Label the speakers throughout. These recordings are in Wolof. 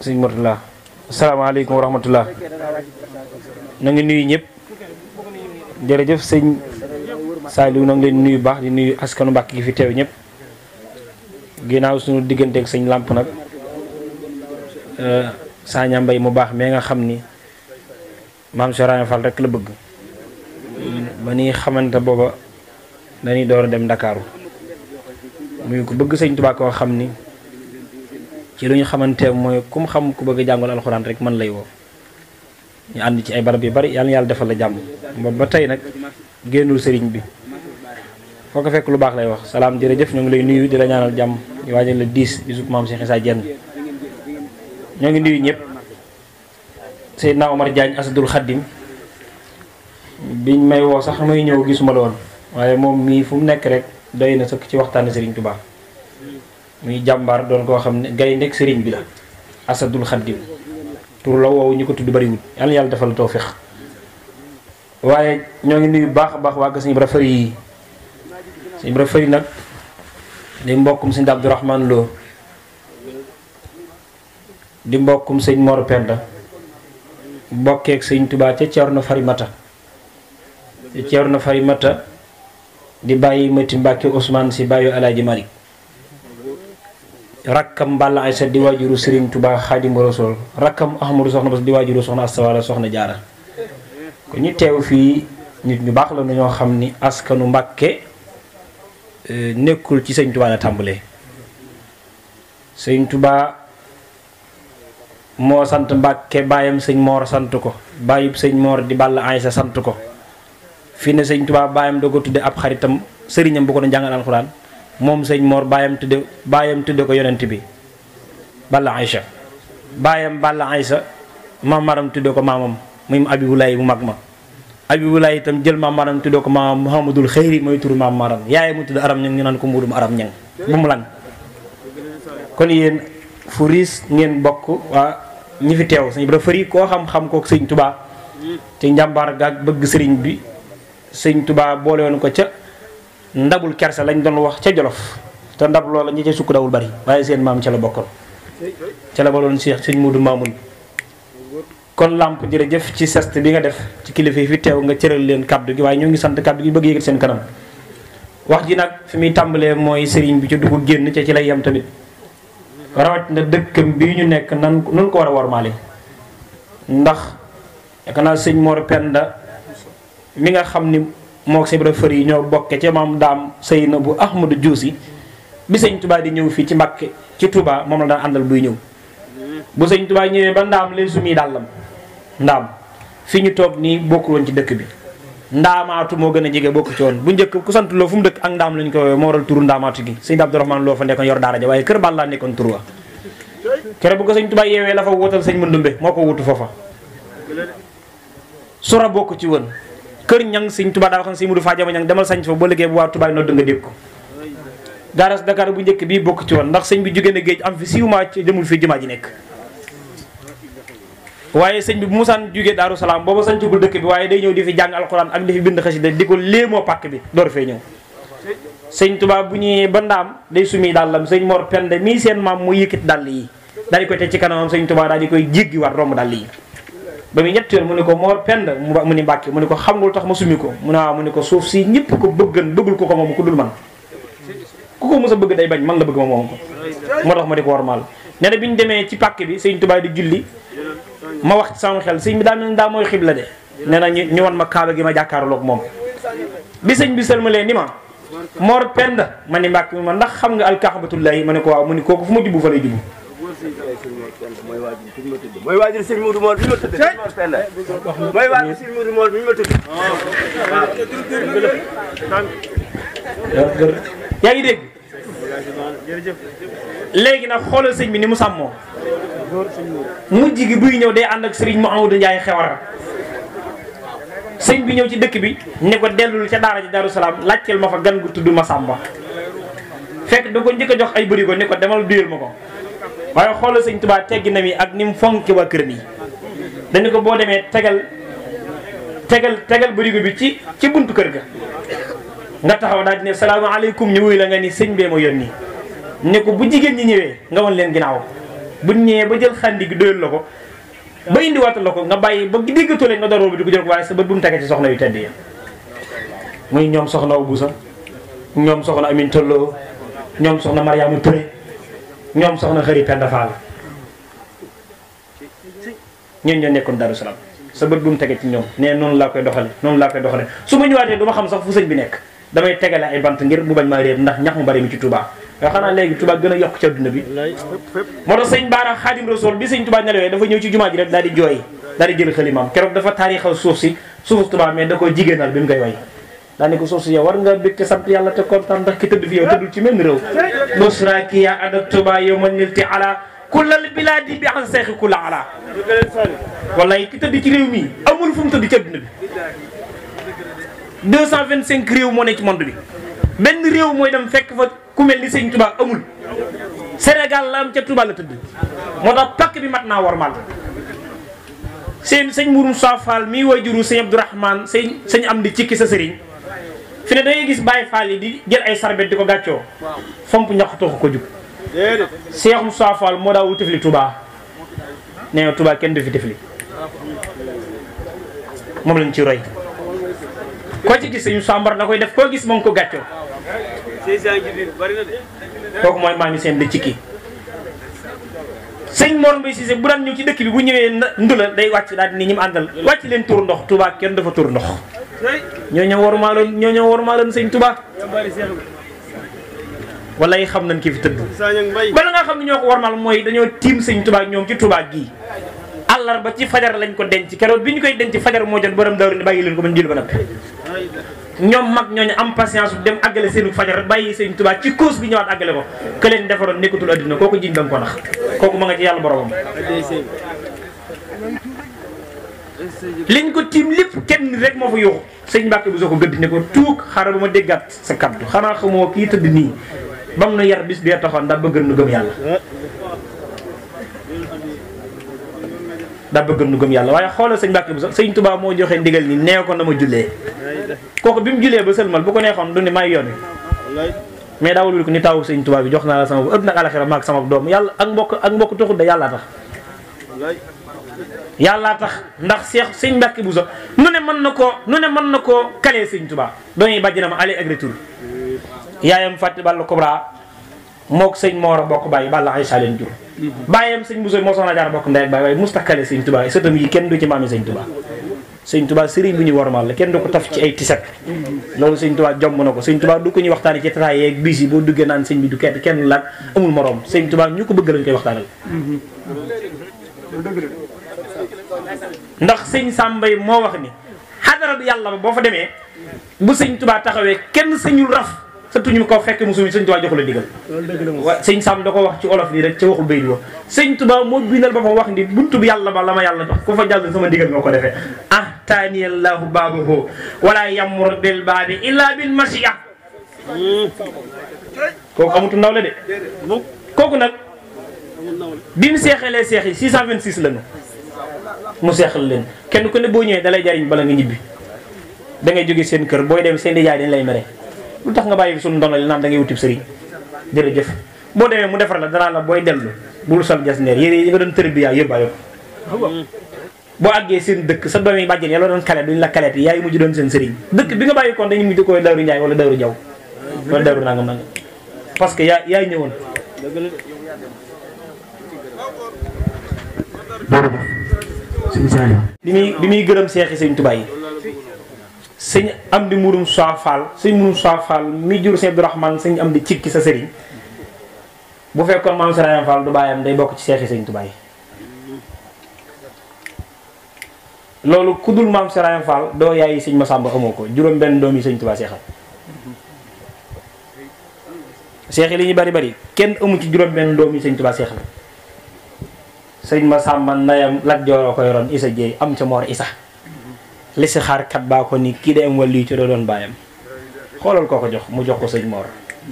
Speaker 1: sëñ Mourtala alaykum wa rahmatullah na ngi nuyu jere jeuf sëñ Saliou na ngi leen nuyu bax di nuyu askanu Mbàkke fi tew ñep ginaaw suñu digganteeg sëñ làmp nag eh, Saña Mbay mu bax me nga xamni mam sharane Sorane Fall rek la bëgg ba ni xamante dañuy door dem dakaru muy ko bëgg sëñ touba ko xamni ci lu ñu xamante mooy kum xam ku bëgg a jàngal alxuraan rek man lay woo ñu ànd ci ay barab yu bari yàlla yàlla defal la jàmm ba ba tey nag génnul sëriñ bi foo ko fekk lu baax lay wax salaam jërëjëf ñoo ngi lay nuyu di la ñaanal jàmm di waajal la diis bisub maam Cheikh Issa ngi nuyu ñëpp Seydina Omar Diagne Asadul Xaddim biñ may woo sax may ñëw gisuma la woon waaye moom mii fu mu nekk rek doy na sëkk ci waxtaane Serigne Touba. muy jambar don koo xamne gay nek serigne bila bi la asadul khadim tur la wo ñu tuddi bari wut yalla yalla defal tawfiq waye ñoo ngi nuyu bax bax baax nak ko yi nak di mbokum sëñ Abdourahman Lo di mbokum serigne Mor Penda bokkeeg sëñ Tubaa ca Ceerno Farimata ca Ceerno Farimata di baye Mati Mbàkke Ousmane si baye Alaaji Malik Rakam balla ay di wajuru Serigne Touba khadim rasoul rakam Ahmadou soxna Bas di wajuru soxna Astawaala soxna jara ko ñu tew fi nit ñu bax la ñu xamni xam ni askanu Mbàkke euh, nekkul ci serigne Touba la tàmbalee serigne Touba mo sant mbacke bayam serigne mor sant ko bayib serigne mor di balla ay sant ko fi ne serigne Touba bayam dogo tudde ab xaritam bu ko mom sëñ Mor bayam tudde bayam tudde ko yonent bi Balla aisha bayam Balla mam mamaram tudde ko mamam muy Abibulaay bu magma abi Abibulaay itam jël mamaram tudde ko mamam Muhammadul khairi mooy mam mamaram yaay mu tudde aram ñang ñu naan ko mudum aram ñang mum lan kon yeen furis ngeen bokk wa ñi fi tew sëñ Ibra fari ko xam-xam kook sëñ tuba te njambar gaag bëgg bi sing tuba boole woon ko ca ndabul kersa lañ doon wax ca jolof te ndab loola ñi ci suku dawul bari waaye seen maam ci la bokkol ci la balon cheikh seigne moudou mamoun kon lamp jef ci sest bi nga def ci kilifa fi tew nga cëral leen kaddu gi waaye ñoo ngi sant kaddu gi bëgg yëgal seen kanam wax ji nak fi mi tambalé moy sëriñ bi ci duggu genn ci ci lay yam tamit rawat na bi ñu nekk nan nun ko war wormalé ndax ekana seigne mor penda mi nga xamni moo ko Ibra Fër yi ñoo bokke ca maam daam Seynabou Ahmadou Dioussi bi sëñ Touba di ñëw fii ci Mbàkke ci Touba moom la daan àndal buy ñëw bu sëñ Touba ñëwee ba ndaam lay sumi dàllam ndaam fi ñu toog nii bokk woon ci dëkk bi ndaamaatu moo gën a jege bokk ci woon bu njëkk ku sant loo fu mu dëkk ak ndaam lañ ko woowee moo waral turu ndaamaatu gi sëñ Abdourahmane loo fa nekkoon yor daara ja waaye kër Balla nekkoon turu wa kere bu ko sëñ Touba yeewee la fa wutal sëñ Mandumbe moo ko wutu foofa bokk ci woon keur ñang sëñ touba da wax sëñ Mudu fadiama ñang demal sañ fo bo liggéey bu wa touba nodd nga dégg ko gaaras Dakar bu ñëk bi bokk ci won ndax sëñ bi jugé na geej am fi siwuma ci demul fi jumaa nek waye waaye bi bu musaan jógee Daaru Salaam booba bu dëkk bi waye day ñëw di fi jang alcorane ak di fi bind xasida di ko léemoo pak bi door fe ñëw sëñ touba bu ñëwé ba day sumi dalam, sëñ Mor pende mi seen mam mu yëkkit dal yi dari ko te ci kanam sëñ touba dal di koy jéggi war romb dal yi bamuy mi ñettel mu ne ko mor pend mu ni mbàkke mu ne ko xam nga tax ma sumi ko mu naa ah, mu ne ko suuf si ñëpp ko bëggan bëggul ko ko moom ku dul man ku ko mësa bëgg day bañ man la bëgg ma moom ko moo tax ma di ko warmal nee na bi ñu demee ci pàkk bi sëñ tubaay di julli ma wax ci sama xel sëñ bi daa mel daa mooy xibla de nee na ñu wan ma kaaba gi ma jàkkaarloog moom bi sëñ bi sëlmalee ni ma mor pend ma ni mbàkke ma ndax xam nga alkaxbatullahi ma ne ko waaw mu ni kooku fu ma jubbu fa lay jubbu
Speaker 2: sëñ bi ñu ma tudd sëñ Mor Penda mooy waajur sëñ
Speaker 1: yaa ngi dégg léegi nag xoolal sëñ bi ni mu sàmmoo mujj gi buy ñëw day ànd ak sëriñ Mouhamadou Ndiaye xewar sëñ bi ñëw ci dëkk bi ne ko dellul ca daara ji Daaru Salaam laajteel ma fa gan gu tudd Masamba fekk da ko njëkk jox ay bërigo ne ko demal duyal ma ko waaye xoolal sëñ teggi na yi ak ni mu fonki waa këram yi dañu ko boo demee tegal tegal tegal bërigo bi ci ci bunt kër ga nga taxaw daal di ne salaamaaleykum ñu wuy la nga ni sëñ bee yoon yónni ne ko bu jigéen ñi ñëwee nga woon leen ginnaaw bu ñëwee ba jël xandi gi doyal la ko ba indi waatal la ko nga bàyyi ba déggatoo leen nga door bi di ku jël ko waaye sa bët bu mu tege ci soxna yu tedd yi muy ñoom soxna Abusa ñoom soxna Amin Tollo ñoom soxna Mariama Touré ñoom soxna xëri Penda Fall ñun ñoo nekkoon Darou Salaam sa bët bu mu tege ci ñoom nee noonu laa koy doxale noonu laa koy doxale su ma ñëwaatee du ma xam sax fu sëñ bi nekk damay tegale ay bant ngir mu bañ maa réer ndax ñax mu bari mi ci tubaa nga xanaa léegi tubaa gën a yokk ci adduna bi moo tax sëñ Baara Xaadim Rasul bi sëñ tubaa nelawee dafa ñëw ci jumaa ji rek daa di jooy daal di jël xëlimaam keroog dafa taarixal suuf si suuf Touba mais da koo jigéenal bi mu koy way daanaka suuf si yow war nga bëgg te sant yàlla te kontaan ndax ki tëdd fi yow tëddul ci mel ni réew. nusra ki yaa adak tuba yow ma nil ti ala kullal bilaadi bi an seexi kula ala. wallaay ki tëdd ci réew mi amul fu mu tëdd ci adduna bi. 225 réew moo ne ci monde bi benn réew mooy dem fekk fa ku mel ni sëñ Touba amul Sénégal la am ca Touba la tëdd moo tax pakk bi mat naa warmal seen sëñ Mourou Moussa Fall mii waajuru sëñ Abdourahmane sëñ sëñ am di cikki sa sëriñ fi ne da gis Baye Fall yi di jël ay sarbet di ko gàccoo fomp ñax toxu ko jug Cheikh Moussa moo daa wu tifli Touba nee na kenn du fi tifli moom lañ ci roy ko ci gis suñu sambar na koy def koo gis moom ko gàccoo kooku mooy maa ngi seen di cikki sëñ Mor Mbaye Cissé bu daan ñëw ci dëkk bi bu ñëwee ndula day wàcc daal di ni ñi mu àndal wàcc leen kenn dafa tur ndox ñoo ñooñu warumaaloon ñooñu warumaaloon sëñ Tuubaa wala yi xam nañ ki fi tëdd bala nga xam ni ñoo ko warmaal mooy dañoo tiim sëñ Tuubaa ñoom ci Tuubaa gii ba ci fajar lañ ko denc keroog bi ñu koy denc fajar moo jot borom dawri ni bàyyi leen ko man jël ba nag ñoom mag ñooñu am patience dem àggale seenu fajar bàyyi sëñ tubaat ci cause bi ñëwaat àggale ko ke leen defaroon nekkatul adduna kooku jiñ da nga ko nax kooku ma nga ci yàlla boromam liñ ko tiim lépp kenn rek moo fa yuuxu sëñ Mbàkke bi soo ko gëdd ne ko tuug xaaral ba ma déggaat sa kaddu xanaa xamoo kii tëdd nii ba na yar bis bee taxoon daa bëgg nu gëm yàlla daa bëgg nu gëm yàlla waaye xoolal sëñ Mbàkke bi so sëñ Tuubaa moo joxe ndigal ni nee ko na ma jullee kooku bi mu jullee ba sëlmal bu ko neexoon du ne may yoon wi mais daawul wul ko ni taw sëñ Tuubaa bi jox naa la sama bu ëpp nag alaxira maag doom yàlla ak mbokk ak mbokk taxul yàlla tax yàllaa tax ndax seex sëñ bu Buso nu ne mën na koo nu ne mën na koo kalee sëñ Tuubaa dooñuy bàjjinam aller ak retour yaayam fàtte Balla Kubra mook sëñ Moor a bokk bàyyi Balla Aysa leen jur bàyyam sëñ Buso moo soxna jaar bokk ndey ak bàyyi waaye musta kale sëñ Tuubaa yi sëtam yi kenn du ci maami sëñ Tuubaa sëñ Tuubaa sëriñ bi ñu wormal la kenn du ko taf ci ay tiset loolu sëñ Tuubaa jomb na ko sëñ Tuubaa du ko ñuy waxtaane ci tataay yeeg bis yi boo duggee naan sëñ bi du kenn kenn laaj amul morom sëñ Tuubaa ñu ko bëgg lañ koy waxtaanal ndax sëñ Sàmbay moo wax ni xadara bi yàlla ba boo fa demee bu sëñ Tubaa taxawee kenn sëñul raf sa tuñ ko fekkee musuñu sëñ Tubaa joxu la digal waaw sëñ Sàmb da ko wax ci olof nii rek ci waxul bay di wax sëñ Tubaa moo bindal ba fa wax ni buntu bi yàlla ba la ma yàlla jox ku fa jàll sama digal nga ko defee ah taaniyallahu baabahu wala yamur bil baabi illa bil masiya kooku amutu ndaw la de kooku nag bi mu seexalee seex yi 626 la ñu mu sekhal len kenn ku ne bo ñewé dalay jariñ bala nga ñibbi da ngay joggé seen kër boy dem seen jaay dañ lay méré lu tax nga bayyi fi suñu ndonal naan da ngay wutib sëriñ jëf bo démé mu défar la dara la booy dellu bul sol jasneer yére yi nga doon tërbiya yo bo aggé seen dëkk sa doomi yi ya la doon kalé duñ la kalé yi yaay ju doon seen sëriñ dëkk bi nga bàyyi koon dañuy mujj koy dawru ñay wala dawru jaw wala dawru nangam nangam parce que yaa yaay ñëwoon bi muy bi muy gërëm seexi sëñ Tuubaa yi sëñ am di murum soifal sëñ murum soifal mi jur sëñ Abdourahmane sëñ am di cikki sa sëriñ bu fekkoon maam Sëriñ Fall du baayam day bokk ci seex sëñ Tuubaa yi loolu ku dul maam Sëriñ Fall doo yaayi sëñ Masamba amoo ko juróom benn doom yi sëñ Tuubaa seexal seex yi li ñu bari bari kenn amu ci juróom benn doom yi sëñ Tuubaa seexal sëñ ma sàmba ndeyam Lat Joor a koy isa jéey am ca moor isa li si xaarkat baa ko ni kii day am wàllu ci da doon bàyyam xoolal koo ko jox mu jox ko sëñ moor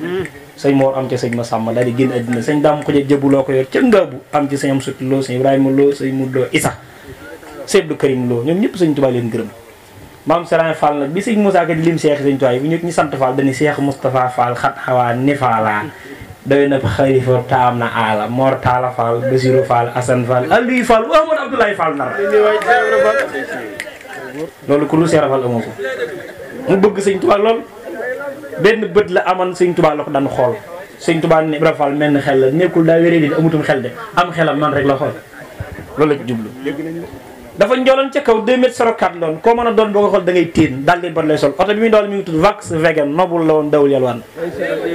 Speaker 1: hmm. sëñ moor am ca sëñ ma sàmba daal di génn àddina sëñ daam ko jël jëbu loo ko yor ca ngaabu am ci sëñ am suti loo sëñ ibrahima loo sëñ mudloo isa seebdu karim loo ñoom ñëpp sëñ Tuubaa leen gërëm maam Serigne Fall nag bi sëñ Moussa Ka di lim seex sëñ Tuubaa bu ñu ñi sant Fall dañu seex Moustapha Fall xat xawaa ni Fallaa doy na xalifa taam na aala Mor Talla Fall Bésirou Fall Assane Fall Aliou Fall Ahmad Abdoulaye Fall nar loolu ku dul Seera Fall ko mu bëgg sëñ Tuubaa lool benn bët la amoon sëñ Tuubaa la ko daan xool sëñ Tuubaa ne Ibra Fall mel ni xel nekkul daa wéree di amutum xel de am xelam man rek la xool loolu la jublu dafa njooloon ca kaw 2 mètres 04 la koo mën a doon boo ko xool da ngay tiin daal di bon lay sol oto bi muy doon mi ngi tudd vax vegan nobul la woon dawul yalwaan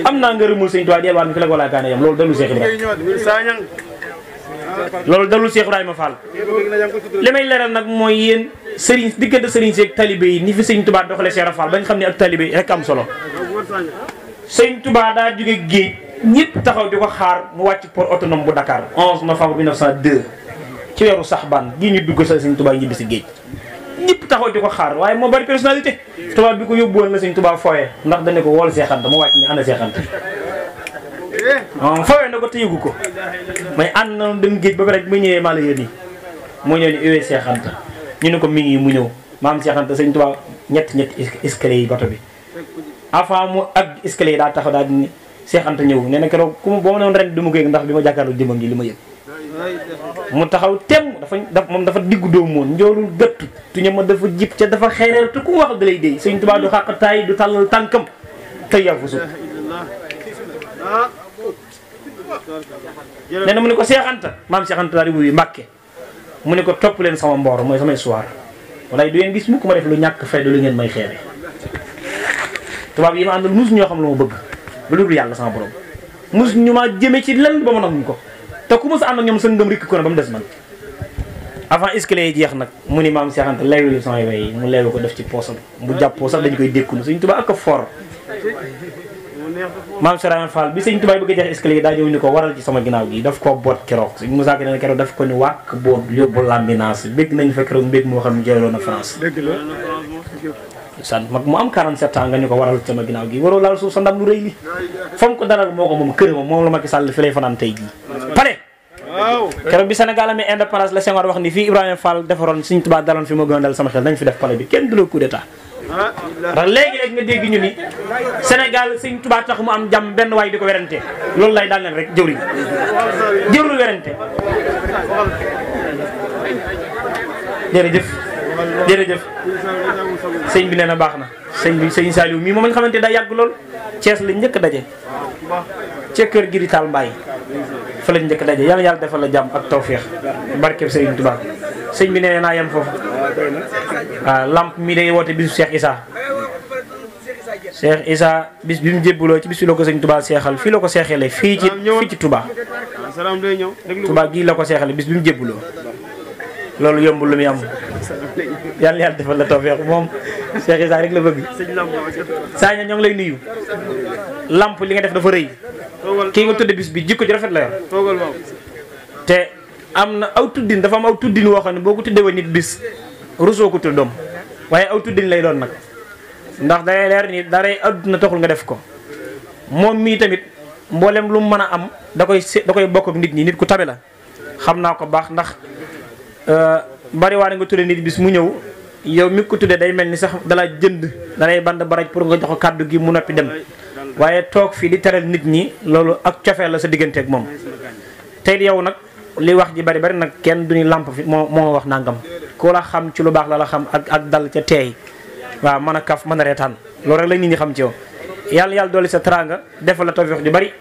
Speaker 1: am naa ngërëmul sëñ Tuubaa di yalwaan bi fi la ko laataane yam loolu dalul Seex Ibrahima ma dalul Seex Ibrahima li may leeral nag mooy yéen sëriñ diggante sëriñ si ak talibé yi ni fi sëñ Tuubaa doxalee Seex Fall bañ xam ne ak talibé yi rek am solo sëñ Tuubaa daa jóge géej ñëpp taxaw di ko xaar mu wàcc port autonome bu Dakar 11 novembre 1902 ci weeru saxbaan gi ñu dugg sa seigne touba ñibbi si geej ñëpp taxaw di ko xaar waye mo bari personnalité touba bi ko yóbbuwoon na seigne touba fooye ndax dañ ko wol seexanta mu wacc ni ana seexanta fooye na ko te yëgu ko may ànd na dem geej ba rek mu ñëwee mala la yónni moo ñëw ni uwee seexanta ñu ne ko mi ngi mu ñëw maam seexanta seigne touba ñet ñet escalier yi bato bi afa mu ag escalier da taxaw da di ni seexanta ñëw ne na keroog kuma bo boo ma noon ren du ma ko ndax bima jakkalu jàkkaarloo jëmam ji li ma mu taxaw tem, dafa daf moom dafa diggu doomoon njoolul gëtt ñama dafa jip ci dafa xeereer tu ku wax da lay dey sëñ tubaa du xaq tay du talal tankam tay ya fusu ah. nee na mu ne ko cheikhanta mam cheikhanta dari wuy wuyu mu ne ko top leen sama mbor moy sama soir walay du ngeen gis mukk ma def lu ñàkk fayda lu ngeen may xéere tubaab bi ma àndal mus ñoo xam lu ma bëgg lu dul yalla sama borom mus ñuma jëme ci lan ba ma nak ko te ku mos ànd ñom ñoom seen rek ko na ba mu des man avant escalier yi jeex nag mu ni maam seexante lu sama way mu lewi ko def ci poso bu jàppoo sax dañ koy dékkul suñ tuba ak for maam Serame Fall bi sëñ tubaay bëgg jeex escalier da ñëw ni ko waral ci sama ginaaw gi daf ko bot kérok suñ musa Kane kérok daf ko ni wàkk bo yobbu l'ambiance bëgg nañ fa kérok bëgg mo xam jëlo na France sant mak mu am 47 ans nga ñu ko waral sama ginaaw gi waro laal su sa ndam lu reey li fam ko dalal moko mom moom mom moom la Macky Sall fi lay fanaan tay gi waaw keroog bi Sénégal amee indépendance la Senghor wax ni fii Ibrahima Fall defaroon suñu tubaab daloon fi ma gën a dal sama xel nañ fi def palais bi kenn du la coup d'état ah. ndax léegi-léegi nga dégg ñu ni sëñ Tuubaa tax mu am jàmm benn waay di ko werante loolu lay daal leen rek jëwriñ jëwriñ bi nee na baax na sëñ bi sëñ Saliou mii moom xamante daa yàgg lool Thiès lañ njëkk daje ca kër Giri Taal Mbaye fa lañ jëk dajé yalla yalla defal la jàmm ak tawfiq barké Serigne Touba sëñ bi néna yam fofu ah lamp mi day woté bisu Cheikh isa Cheikh isa bis bi mu jébbuloo ci bisu lako la ko sëñ Touba seexal fii la ko fi ci fii ci Touba Touba gii la ko seexale bis bi mu jébbuloo loolu yombul lu mi am yalla yalla defal la tawfiq mom Cheikh isa rek la bëgg saa ñoo ngi lay nuyu lamp li nga def dafa reuy kii nga tudde bis bi jikko ji rafet la yor te am na aw tuddin dafa am aw tuddin woo xam ne boo ko tuddee woon nit bis rusoo ko tuddoom waaye aw tuddin lay doon nag ndax dalay leer ni daray àdduna toxul nga def ko moom mii tamit mboolem lu mu mën a am da koy da koy bokk ak nit ñi nit ku tabe la xam naa ko baax ndax euh, bari waa nga tudde nit bis mu ñëw yow mi ko tuddee day mel ni sax dalaa jënd dalay band baraj pour nga jox ko kàddu gi mu noppi dem waaye toog fii di teral nit ñi loolu ak cofeel la sa diggante ak moom tey yow nag li wax ji bari bari nag kenn du ñu làmp fi moo moo wax nangam ku la xam ci lu baax la la xam ak ak dal ca teey waaw mën a kaf mën a reetaan loolu rek la nit ñi xam ci yow yàlla yàlla dolli sa teraanga defal la tawfeex ju bari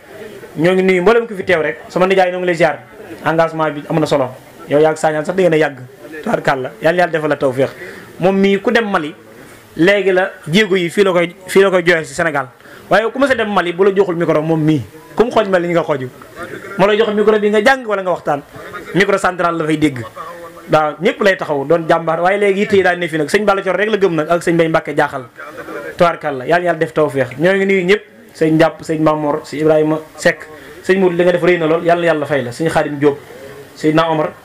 Speaker 1: ñoo ngi nuyu mboolem ko fi teew rek sama nijaay ñoo ngi lay ziar engagement bi am na solo yow yàgg saañaan sax da yàgg tabarkàlla yàlla yàlla defal la tawfeex moom mii ku dem Mali léegi la jéego yi fii la koy fii la koy joxe waaye ku ma sa dem Mali bu la joxul micro moom mii ku mu xooj Mali ñu nga xooju ma la jox micro bi nga jàng wala nga waxtaan micro central la fay dégg waaw ñëpp lay taxaw doon jàmbaar waaye léegi yitte yi daal ne fi nag sëñ Balla Cor rek la gëm nag ak sëñ Bay Mbàkke jaaxal tubaarkàlla yàlla yàlla def tawfeex ñoo ngi nii ñëpp sëñ jàpp sëñ Mamor sëñ Ibrahima sekk sëñ Mourou li nga def rëy na lool yàlla yàlla fay la sëñ Xaadim Jóob sëñ na Omar